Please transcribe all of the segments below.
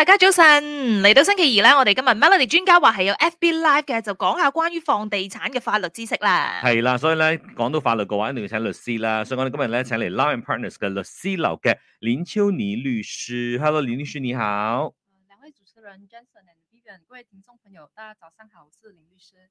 大家早晨，嚟到星期二啦，我哋今日 Melody 專家話係有 FB Live 嘅，就講下關於房地產嘅法律知識啦。係啦，所以咧講到法律嘅話，一定要請律師啦。所以我哋今日咧請嚟 Low & Partners 嘅律師樓嘅林秋霓律師。Hello，林律師你好。兩位主持人 Gentleman and Vivian，各位聽眾朋友，大家早上好，我是林律師。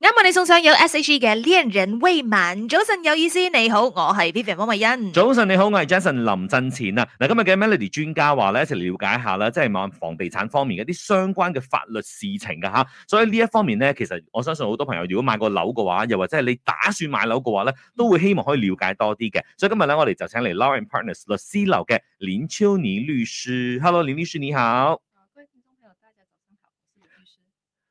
啱我你送上有 S.H.E 嘅戀人未滿，早晨有意思，你好，我係 Vivian 汪慧欣。早晨你好，我係 Jason 林振前啊。嗱，今日嘅 Melody 專家話咧，一齊了解一下啦，即係問房地產方面的一啲相關嘅法律事情噶吓。所以呢一方面咧，其實我相信好多朋友如果買過樓嘅話，又或者係你打算買樓嘅話咧，都會希望可以了解多啲嘅。所以今日咧，我哋就請嚟 Low and Partners 律師樓嘅林秋霓律師，Hello，林律師你好。各位聽眾朋友，大家早上好，係林律師。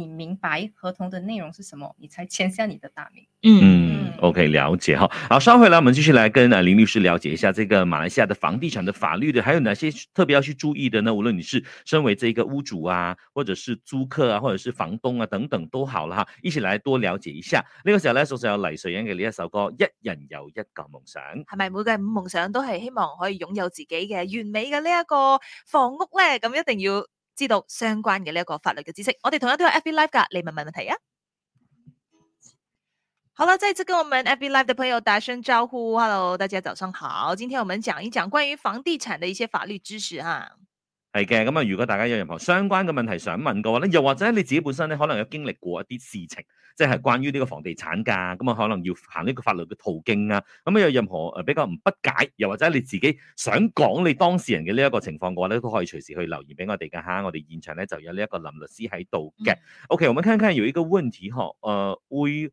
你明白合同的內容是什麼，你才簽下你的大名。嗯，嗯 o、okay, k 了解哈。好，稍回來我們繼續來跟林律師了解一下這個馬來西亞的房地產的法律的，還有哪些特別要去注意的呢？無論你是身為這個屋主啊，或者是租客啊，或者是房東啊等等都好啦哈。一起來多了解一下。呢、這個時候咧，送上有黎瑞恩嘅呢一首歌《一人有一個夢想》，係咪？每個夢想都係希望可以擁有自己嘅完美嘅呢一個房屋咧，咁一定要。知道相關嘅呢一個法律嘅知識，我哋同樣都有 F B Live 噶，你問問題啊。好了，再次即係跟我們 F B Live 的朋友打聲招呼，Hello，大家早上好。今天我們講一講關於房地產的一些法律知識哈。係嘅，咁啊，如果大家有任何相關嘅問題想問嘅話咧，又或者你自己本身咧可能有經歷過一啲事情，即係關於呢個房地產價，咁啊可能要行呢個法律嘅途徑啊，咁啊有任何誒比較唔不解，又或者你自己想講你當事人嘅呢一個情況嘅話咧，都可以隨時去留言俾我哋嘅吓，我哋現場咧就有呢一個林律師喺度嘅。OK，我們看看有一個問題學誒、呃、會。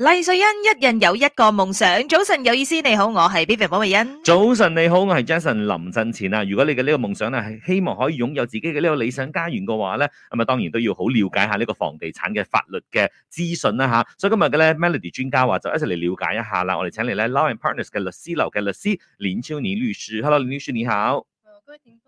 黎瑞恩，一人有一個夢想，早晨有意思，你好，我係 B B 寶慧欣。早晨你好，我係 Jason 林振前啊。如果你嘅呢個夢想咧係希望可以擁有自己嘅呢個理想家園嘅話咧，咁啊當然都要好了解下呢個房地產嘅法律嘅資訊啦吓。所以今日嘅咧 Melody 專家話就一齊嚟了解一下啦。我哋請嚟咧 Low and Partners 嘅律師樓嘅律師林秋霓律師，Hello，林律師你好。嗯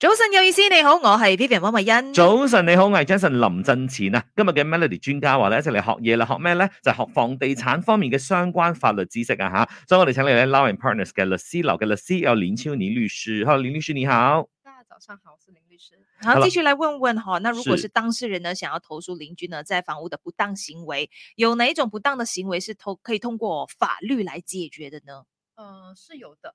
早晨有意思，你好，我係 Vivian 温慧欣。早晨你好，我係 Jason 林振前啊。今日嘅 Melody 專家話咧，一齊嚟學嘢啦，學咩咧？就係、是、學房地產方面嘅相關法律知識啊吓。所以我哋請嚟咧 Low and Partners 嘅律師樓嘅律師，有林秋霓律師。o 林，林律師，林律師你好。大家早上好，我是林律師。好，繼續來問問哈，那如果是當事人呢，想要投訴鄰居呢，在房屋的不當行為，有哪一種不當的行為是通可以通過法律來解決的呢？嗯、呃，是有的。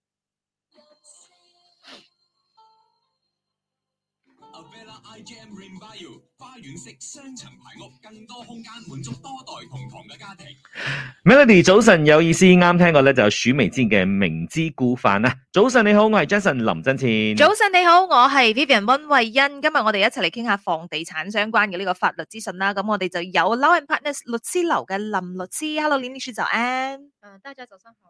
花園式雙層排屋，更多空間滿足多代同堂嘅家庭。Melody 早晨，有意思啱 聽過咧，就鼠眉之嘅明知故犯啦。早晨你好，我係 Jason 林真前。早晨你好，我係 Vivian 溫慧欣。今日我哋一齊嚟傾下房地產相關嘅呢個法律資訊啦。咁我哋就有 Low and Partners 律師樓嘅林律師。Hello，林律師就 M。誒，大、嗯、家早上好。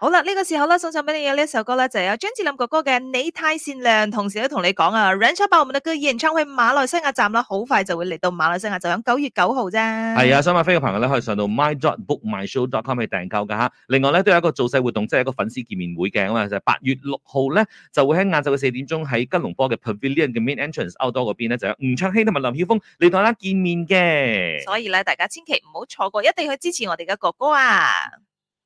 好啦，呢、這個時候咧送上俾你嘅呢一首歌咧就係有張智霖哥哥嘅《你太善良》，同時都同你講啊 r a n c h o w 八嘅演唱會馬來西亞站啦，好快就會嚟到馬來西亞，就響九月九號啫。係啊，想買飛嘅朋友咧可以上到 my.bookmyshow.com 去訂購噶吓。另外咧都有一個造勢活動，即、就、係、是、一個粉絲見面會嘅啊嘛，就係、是、八月六號咧就會喺晏晝嘅四點鐘喺吉隆坡嘅 Pavilion 嘅 Main Entrance Outdoor 嗰邊咧就有吳卓羲同埋林曉峰嚟同大家見面嘅、嗯。所以咧，大家千祈唔好錯過，一定要去支持我哋嘅哥哥啊！